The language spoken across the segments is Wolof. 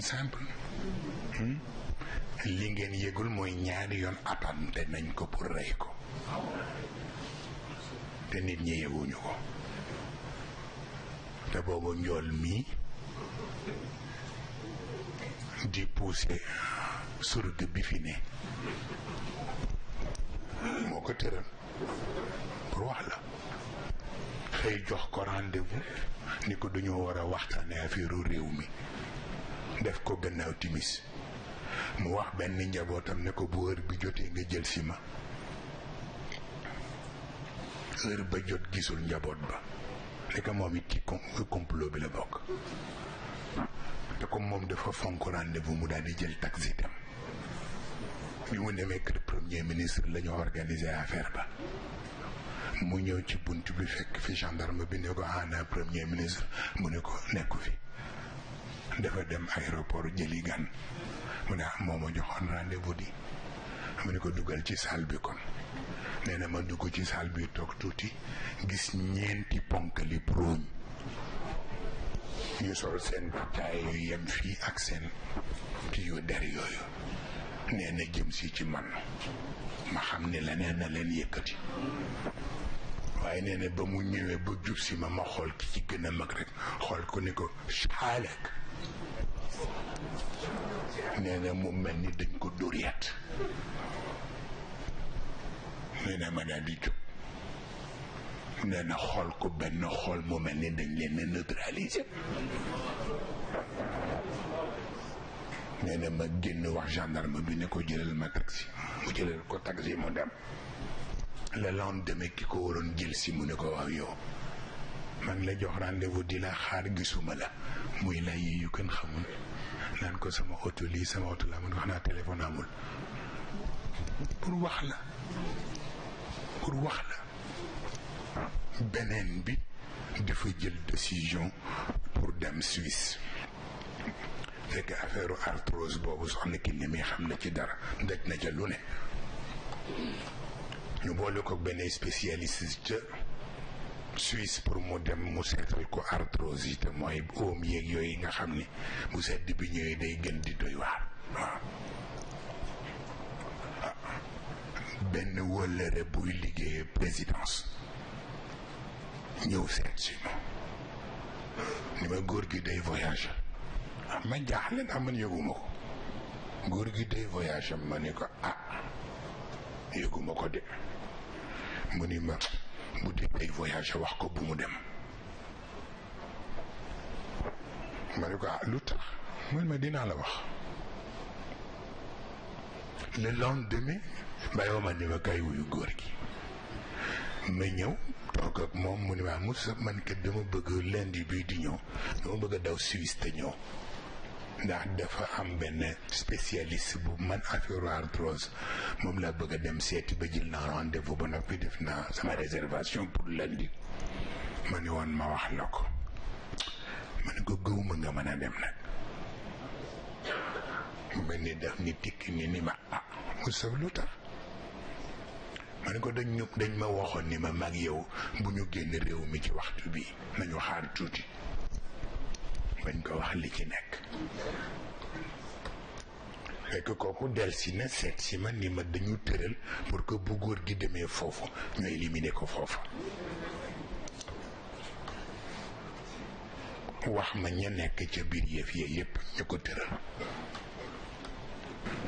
exemple simple hmm? li ngeen yëgul mooy ñaari yoon attante nañ ko pour rey ko te nit ñi ko te boobu njool mii di pousser surga bi fi ne moo ko tëral pour wax la xëy jox ko rendez-vous ni ko duñu war a waxtaane affaire réew mi def ko gannaaw timis mu wax benn njabootam ne ko bu heure bi jotee nga jël si ma heure ba jot gisul njaboot ba ne ko moom it ci complot bi la bokk te comme moom dafa fonk rendez-vous mu daan di jël taxi tam bi mu demee kër premier ministre la ñu organisé affaire ba mu ñëw ci bunt bi fekk fi gendarme bi ne ko ana ah, premier ministre mu ne ko nekku fi dafa dem aéroport jëli gan mu ne ah moo ma joxoon rendez-vous di mu ne ko dugal ci salle bi kon nee na ma dugg ci saal bi toog tuuti gis ñeenti ponkali prouñ yu sol seen bataay yu yem fii ak seen ki yu der yooyu nee jëm si ci man ma xam ne leneen na leen yëkkati waaye nee na ba mu ñëwee ba jub si ma ma xool ki ci gën a mag rek xool ko ni ko xaalak nee na mu mel ni dañ ko dóoryaat nee na ma daal di jóg nee na xool ko benn xool mu mel ni dañ leen a neutraliser nee na ma génn wax gendarme bi ne ko jëlal ma taxi mu jëlal ko taxi mu dem le lendemain ki ko waroon jël si mu ne ko waaw yow maa ngi la jox rendez-vous di la xaar gisuma la muy lay yi yu kenn xamul naan ko sama oto lii sama oto laa man wax naa téléphone amul pour wax la pour wax la beneen bi dafa jël décision pour dem Suisse fekk affaire arthrose boobu soxna ki ni mi xam na ci dara ndaj na ca lu ne ñu boole ko benn spécialiste Suisse pour mu dem mu seetal ko arthrose yi te mooy oom yéeg yooyu nga xam ni bu sedd bi ñëwee day gën di doy waar waaw benn wëllëre buy liggéey présidence ñëw seet si ma ni ma góor gi day voyage ah, ma jaaxle ndax man yëguma ko góor gi day voyage ma ni ko ah yëguma ko de mu ni ma bu dee day voyage wax ko bu mu dem ma ne ko ah lu tax man ma dinaa la wax le lendemain bàyyoo ma ni kay wuyu góor gi ma ñëw toog ak moom mu ni ma Moussa man kat dama bëgg lundi bii di ñëw dama bëgg a daw Suisse te ñëw ndax dafa am benn spécialiste bu man affaire arthrose moom laa bëgg a dem seeti ba jël naa rendez ba noppi def naa sama réservation pour lundi ma ni woon ma wax la ko ma ne ko gëwuma nga mën a dem nag mu mel ni daf ni tikki ni ni ma ah mu sëf lu tax ma ne ko dañ ñu dañ ma waxoon ni ma mag yow bu ñu génn réew mi ci waxtu bi nañu xaar tuuti bañ ko wax li ci nekk fekk kooku del si na seet si ma ni ma dañu tëral pour que bu góor gi demee foofu ñu éliminer ko foofu wax ma ña nekk ca biir yëf yee yépp ñu ko tëral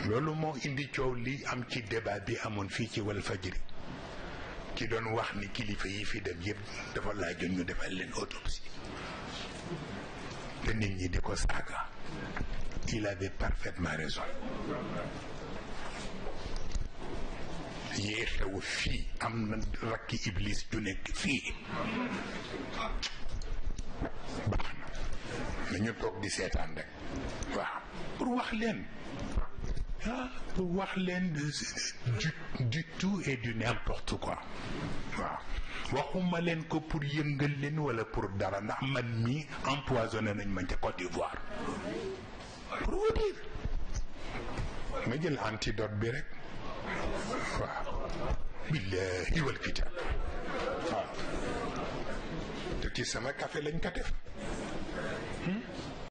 loolu moo indi coow li am ci débat bi amoon fii ci Walfadjri ki doon wax ni kilifa yi fi dem yépp dafa laajoon ñu defal leen autopsie nit ñi di ko saaga il avait parfaitement raison yee xew fii am na rakki iblis ju nekk fii baax na nañu toog di seetaan rek waaw pour wax leen ah wax leen du du tout et du n'importe quoi waaw waxuma leen ko pour yëngal leen wala pour dara ndax man mii empoisonné nañ ma ca Côte d'Ivoire pour vous dire ma jël antidote bi rek waaw billahi wal kitaab waaw te ci sama café lañ ko def